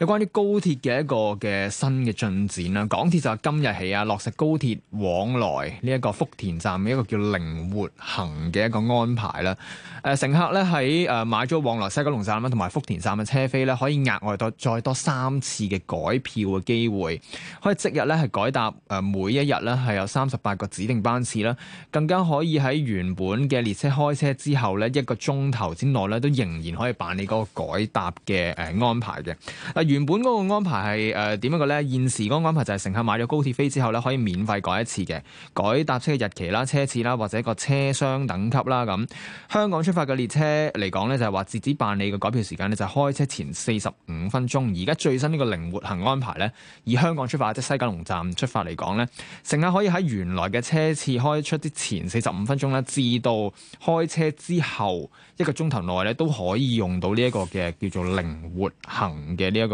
有關於高鐵嘅一個嘅新嘅進展啦，港鐵就係今日起啊，落實高鐵往來呢一個福田站嘅一個叫靈活行嘅一個安排啦。誒、呃，乘客咧喺誒買咗往來西九龍站啦，同埋福田站嘅車票咧，可以額外多再多三次嘅改票嘅機會，可以即日咧係改搭誒每一日咧係有三十八個指定班次啦，更加可以喺原本嘅列車開車之後咧一個鐘頭之內咧都仍然可以辦理嗰個改搭嘅誒、呃、安排嘅。呃原本個安排係誒點樣嘅咧？現時個安排就係乘客買咗高鐵飛之後咧，可以免費改一次嘅改搭車嘅日期啦、車次啦，或者個車廂等級啦。咁香港出發嘅列車嚟講咧，就係話截止辦理嘅改票時間咧，就係開車前四十五分鐘，而家最新呢個靈活行安排咧，以香港出發即西九龍站出發嚟講咧，乘客可以喺原來嘅車次開出之前四十五分鐘咧，至到開車之後一個鐘頭內咧，都可以用到呢一個嘅叫做靈活行嘅呢一個。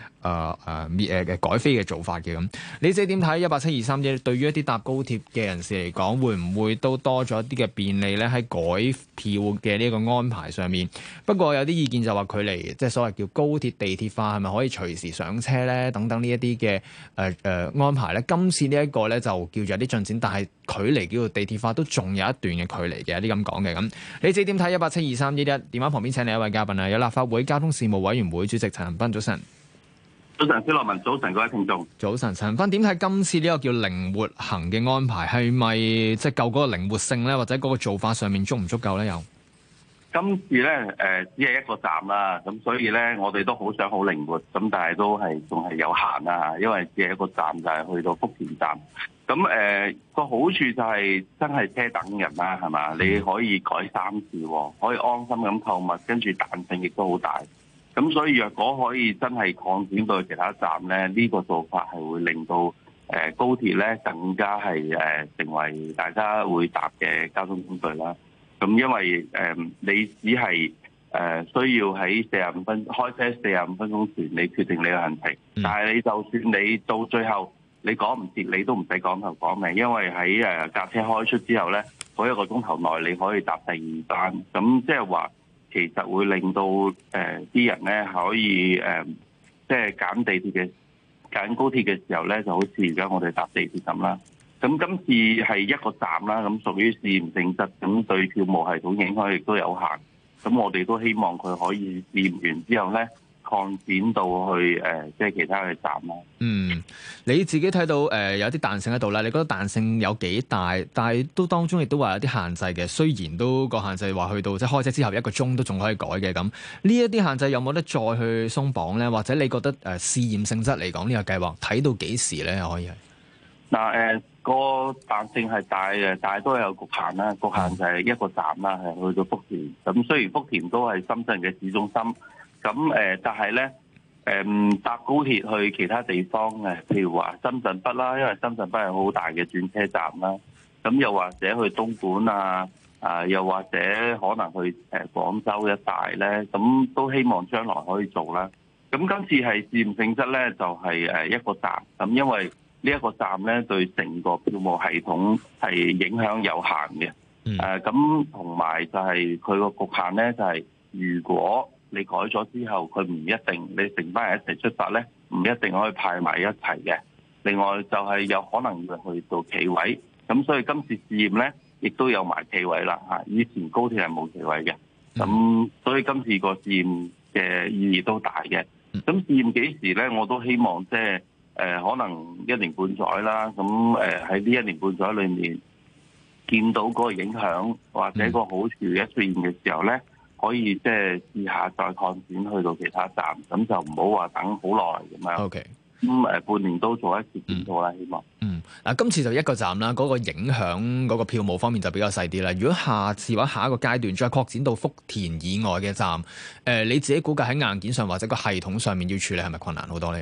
誒誒滅嘅改飛嘅做法嘅咁，你自己點睇一八七二三一？對於一啲搭高鐵嘅人士嚟講，會唔會都多咗一啲嘅便利咧？喺改票嘅呢個安排上面。不過有啲意見就話距離，即係所謂叫高鐵地鐵化，係咪可以隨時上車咧？等等呢一啲嘅誒誒安排咧。今次呢一個咧就叫做有啲進展，但係距離叫做地鐵化都仲有一段嘅距離嘅，有啲咁講嘅咁。你自己點睇一八七二三一一？1, 電話旁邊請嚟一位嘉賓啊，有立法會交通事務委員會主席陳恒鑌，早晨。早晨，小洛文，早晨各位聽眾。早晨，陳恒鑌，點解今次呢個叫靈活行嘅安排，係咪即係夠嗰個靈活性咧，或者嗰個做法上面足唔足夠咧？有今次咧，誒、呃，只係一個站啦、啊，咁所以咧，我哋都好想好靈活，咁但係都係仲係有限啦、啊，因為只係一個站就係、是、去到福田站。咁誒、呃，個好處就係、是、真係車等人啦、啊，係嘛，嗯、你可以改三次、啊，可以安心咁購物，跟住彈性亦都好大。咁所以若果可以真係擴展到其他站咧，呢、這個做法係會令到誒、呃、高鐵咧更加係誒、呃、成為大家會搭嘅交通工具啦。咁、嗯、因為，誒、呃、你只係誒、呃、需要喺四十五分開車四十五分鐘前你決定你嘅行程，但係你就算你到最後，你講唔切，你都唔使講頭講尾，因為喺誒架車開出之後咧，嗰一個鐘頭內你可以搭第二班。咁即係話。其實會令到誒啲、呃、人咧可以誒、呃，即係揀地鐵嘅、揀高鐵嘅時候咧，就好似而家我哋搭地鐵咁啦。咁今次係一個站啦，咁屬於試驗性質，咁對票務系統影響亦都有限。咁我哋都希望佢可以試驗完之後咧。擴展到去誒，即係其他嘅站咧。嗯，你自己睇到誒、呃、有啲彈性喺度啦，你覺得彈性有幾大？但係都當中亦都話有啲限制嘅。雖然都個限制話去到即係開車之後一個鐘都仲可以改嘅咁。呢一啲限制有冇得再去鬆綁咧？或者你覺得誒、呃、試驗性質嚟講呢、呢個計劃睇到幾時咧？可以係嗱誒個彈性係大嘅，但係都有局限啦。局限就係一個站啦，係去到福田。咁雖然福田都係深圳嘅市中心。咁誒，但係咧，誒、嗯、搭高鐵去其他地方誒，譬如話深圳北啦，因為深圳北係好大嘅轉車站啦。咁又或者去東莞啊，啊又或者可能去誒廣州一帶咧，咁都希望將來可以做啦。咁今次係試驗性質咧，就係、是、誒一個站咁，因為呢一個站咧對成個票務系統係影響有限嘅。誒咁同埋就係佢個局限咧，就係如果。你改咗之後，佢唔一定你成班人一齊出發咧，唔一定可以派埋一齊嘅。另外就係有可能要去到企位，咁所以今次試驗咧，亦都有埋企位啦嚇。以前高鐵係冇企位嘅，咁所以今次個試驗嘅意義都大嘅。咁試驗幾時咧？我都希望即係誒，可能一年半載啦。咁誒喺呢一年半載裏面，見到嗰個影響或者個好處一出現嘅時候咧。可以即係試下再擴展去到其他站，咁就唔好話等好耐咁樣。OK. 咁誒半年都做一次檢討啦，希望。嗯，嗱，今次就一個站啦，嗰、那個影響嗰個票務方面就比較細啲啦。如果下次或者下一個階段再擴展到福田以外嘅站，誒、呃，你自己估計喺硬件上或者個系統上面要處理係咪困難好多呢？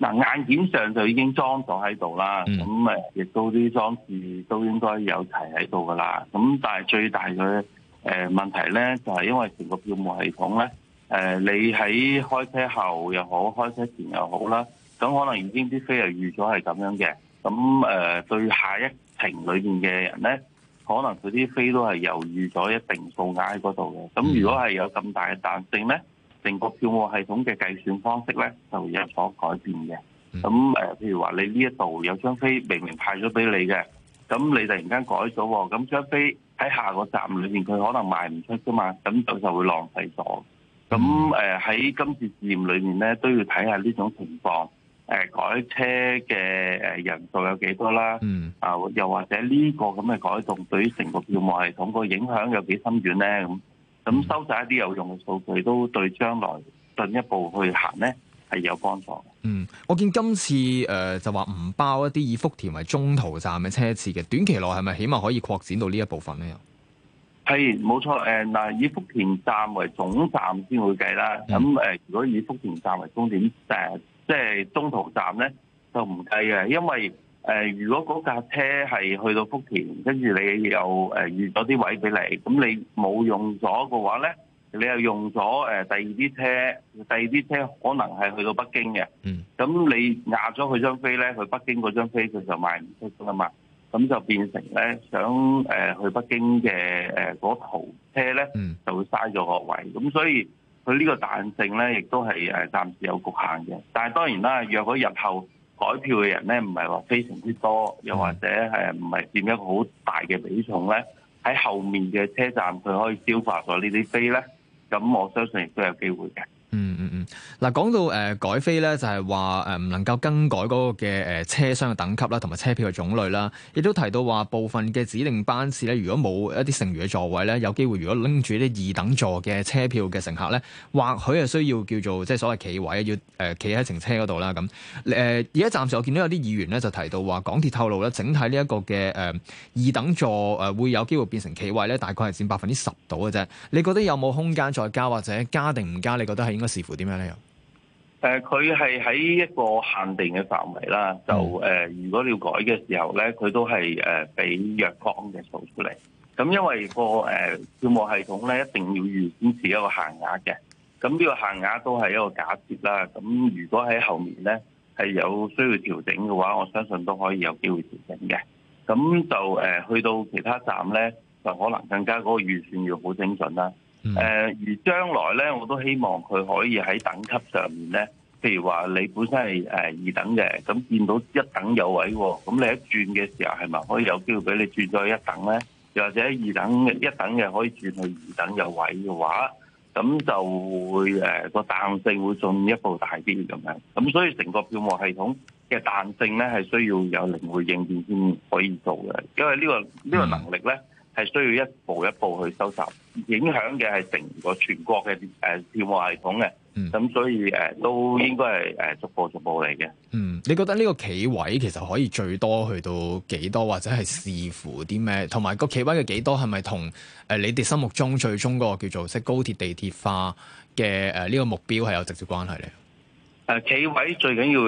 嗱、嗯，硬件上就已經裝咗喺度啦，咁誒亦都啲裝置都應該有齊喺度噶啦。咁但係最大嘅。誒問題咧就係、是、因為成個票務系統咧，誒、呃、你喺開車後又好，開車前又好啦，咁可能已經啲飛係預咗係咁樣嘅，咁誒、呃、對下一程裏邊嘅人咧，可能佢啲飛都係猶豫咗一定數額嗰度嘅，咁如果係有咁大嘅彈性咧，成個票務系統嘅計算方式咧就會有所改變嘅，咁誒、呃、譬如話你呢一度有張飛明明派咗俾你嘅，咁你突然間改咗喎，咁張飛。喺下個站裏面，佢可能賣唔出㗎嘛，咁就就會浪費咗。咁誒喺今次試驗裏面咧，都要睇下呢種情況。誒、呃、改車嘅誒人數有幾多啦？嗯，啊又或者呢個咁嘅改動對於成個票務系統個影響有幾深遠咧？咁咁收曬一啲有用嘅數據，都對將來進一步去行咧。係有幫助。嗯，我見今次誒、呃、就話唔包一啲以福田為中途站嘅車次嘅，短期內係咪起碼可以擴展到呢一部分咧？係冇錯，誒、呃、嗱，以福田站為總站先會計啦。咁誒、嗯呃，如果以福田站為終點誒、呃，即係中途站咧，就唔計嘅，因為誒、呃，如果嗰架車係去到福田，跟住你又誒預咗啲位俾你，咁你冇用咗嘅話咧。你又用咗誒第二啲車，第二啲車可能係去到北京嘅，咁、嗯、你壓咗佢張飛咧，去北京嗰張飛佢就賣唔出噶嘛，咁就變成咧想誒去北京嘅誒嗰途車咧，就會嘥咗個位，咁、嗯、所以佢呢個彈性咧，亦都係誒暫時有局限嘅。但係當然啦，若果日後改票嘅人咧，唔係話非常之多，又或者係唔係佔一個好大嘅比重咧，喺後面嘅車站佢可以消化咗呢啲飛咧。咁我相信亦都有機會嘅。嗱，講到誒、呃、改飛咧，就係話誒唔能夠更改嗰個嘅誒車廂嘅等級啦，同埋車票嘅種類啦。亦都提到話部分嘅指定班次咧，如果冇一啲剩餘嘅座位咧，有機會如果拎住啲二等座嘅車票嘅乘客咧，或許係需要叫做即係所謂企位，要誒企喺程車嗰度啦。咁誒而家暫時我見到有啲議員咧就提到話，港鐵透露咧，整體呢、這、一個嘅誒、呃、二等座誒會有機會變成企位咧，大概係佔百分之十到嘅啫。你覺得有冇空間再加或者加定唔加？你覺得係應該視乎點樣咧？誒，佢係喺一個限定嘅範圍啦，就誒、呃，如果你要改嘅時候咧，佢都係誒俾若干嘅數出嚟。咁因為、嗰個誒票、呃、務系統咧，一定要預先設一個限額嘅。咁呢個限額都係一個假設啦。咁如果喺後面咧係有需要調整嘅話，我相信都可以有機會調整嘅。咁就誒、呃、去到其他站咧，就可能更加嗰個預算要好精準啦。誒、嗯、而將來咧，我都希望佢可以喺等級上面咧，譬如話你本身係誒二等嘅，咁見到一等有位喎，咁你一轉嘅時候係咪可以有機會俾你轉咗一等咧？又或者二等一等嘅可以轉去二等有位嘅話，咁就會誒、個彈性會進一步大啲咁樣。咁所以成個票務系統嘅彈性咧，係需要有靈活應變，先可以做嘅，因為呢、呢個呢、嗯、個能力咧。係需要一步一步去收集，影響嘅係成個全國嘅誒鐵路系統嘅，咁、嗯、所以誒、呃、都應該係誒、呃、逐步逐步嚟嘅。嗯，你覺得呢個企位其實可以最多去到幾多，或者係視乎啲咩？同埋個企位嘅幾多係咪同誒你哋心目中最終個叫做即高鐵地鐵化嘅誒呢個目標係有直接關係咧？誒，企位最緊要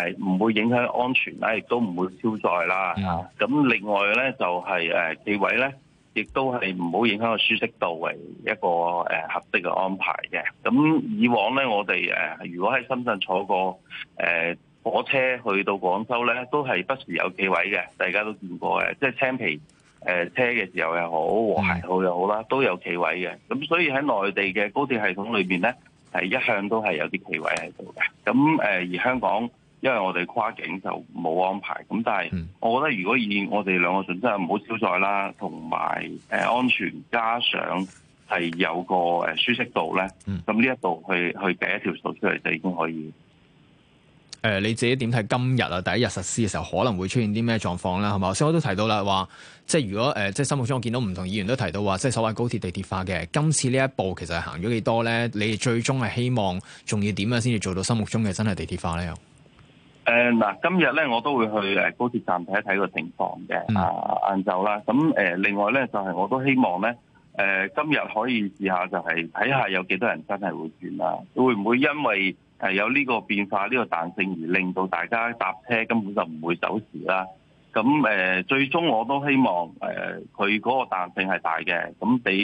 誒，唔會影響安全啦，亦都唔會超載啦。咁 No. 另外咧，就係誒，企位咧，亦都係唔好影響個舒適度為一個誒合適嘅安排嘅。咁以往咧，我哋誒，如果喺深圳坐過誒火車去到廣州咧，都係不時有企位嘅，大家都見過嘅。即係青皮誒車嘅時候又好，和諧號又好啦，都有企位嘅。咁所以喺內地嘅高鐵系統裏邊咧，係一向都係有啲企位喺度嘅，咁誒、呃、而香港因為我哋跨境就冇安排，咁但係我覺得如果以我哋兩個準則，唔好超載啦，同埋誒安全加上係有個誒舒適度咧，咁呢一度去去第一條數出嚟就已經可以。誒、呃、你自己點睇今日啊？第一日實施嘅時候可能會出現啲咩狀況咧？係嘛？所以我都提到啦，話即係如果誒、呃、即係心目中我見到唔同議員都提到話，即係所謂高鐵地鐵化嘅，今次呢一步其實係行咗幾多咧？你最終係希望仲要點樣先至做到心目中嘅真係地鐵化咧？誒嗱、呃，今日咧我都會去誒高鐵站睇一睇個情況嘅啊晏晝啦。咁誒、呃、另外咧就係、是、我都希望咧誒、呃、今日可以試下就係睇下有幾多人真係會轉啦，會唔會因為？係有呢個變化，呢、呢個彈性而令到大家搭車根本就唔會走時啦。咁誒、呃，最終我都希望誒，佢、呃、嗰個彈性係大嘅。咁俾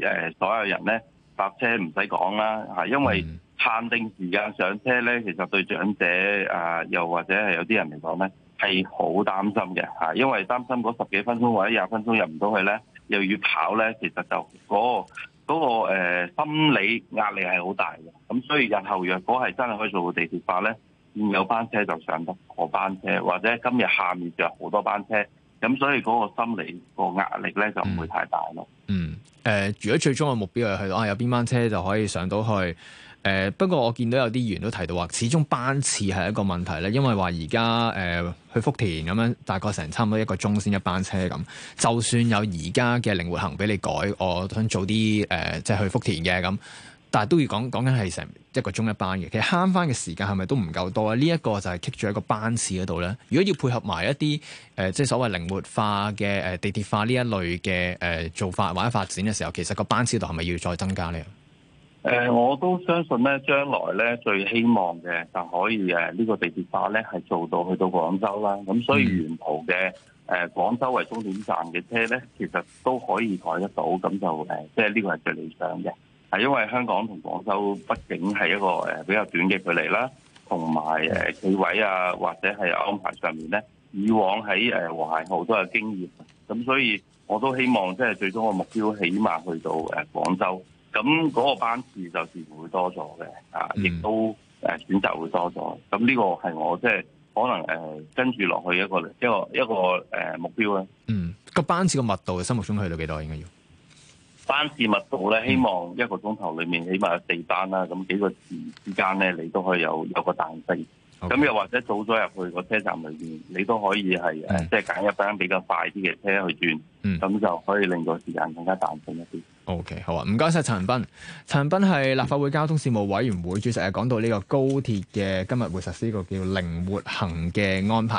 誒所有人咧搭車唔使講啦，係因為限定時間上車咧，其實對長者啊、呃，又或者係有啲人嚟講咧係好擔心嘅嚇，因為擔心嗰十幾分鐘或者廿分鐘入唔到去咧，又要跑咧，其實就嗰、嗰個嗰、那個、呃、心理壓力係好大嘅，咁所以日後若果係真係可以做到地鐵化咧，有班車就上得，冇班車或者今日下面就有好多班車，咁所以嗰個心理個壓力咧就唔會太大咯、嗯。嗯，誒、呃，如果最終嘅目標係去到，啊，有邊班車就可以上到去。誒、呃、不過我見到有啲議員都提到話，始終班次係一個問題咧，因為話而家誒去福田咁樣，大概成差唔多一個鐘先一班車咁。就算有而家嘅靈活行俾你改，我想做啲誒即係去福田嘅咁，但係都要講講緊係成一個鐘一班嘅。其實慳翻嘅時間係咪都唔夠多啊？呢、這、一個就係棘住一個班次嗰度咧。如果要配合埋一啲誒、呃、即係所謂靈活化嘅誒、呃、地鐵化呢一類嘅誒、呃、做法或者發展嘅時候，其實個班次度係咪要再增加呢？誒，我都相信咧，將來咧最希望嘅就可以誒，呢個地鐵化咧係做到去到廣州啦。咁所以沿途嘅誒廣州為終點站嘅車咧，其實都可以改得到。咁就誒，即係呢個係最理想嘅，係因為香港同廣州畢竟係一個誒比較短嘅距離啦，同埋誒企位啊或者係安排上面咧，以往喺誒和諧號都有經驗。咁所以我都希望即係最終個目標，起碼去到誒廣州。咁嗰個班次就自然會多咗嘅，啊、嗯，亦都誒選擇會多咗。咁呢個係我即係、就是、可能誒、呃、跟住落去一個一個一個誒、呃、目標咧。嗯，個班次嘅密度心目中去到幾多應該要？班次密度咧，嗯、希望一個鐘頭裡面起碼有四班啦。咁幾個字之間咧，你都可以有有個彈性。咁 Okay. 又或者早咗入去個車站裏邊，你都可以係、嗯、即係揀一班比較快啲嘅車去轉。嗯，咁、嗯、就可以令個時間更加彈性一啲。O.K. 好啊，唔該晒陳恒鑌。陳恒鑌係立法會交通事務委員會，嗯、主席，係講到呢個高鐵嘅今日會實施個叫靈活行嘅安排。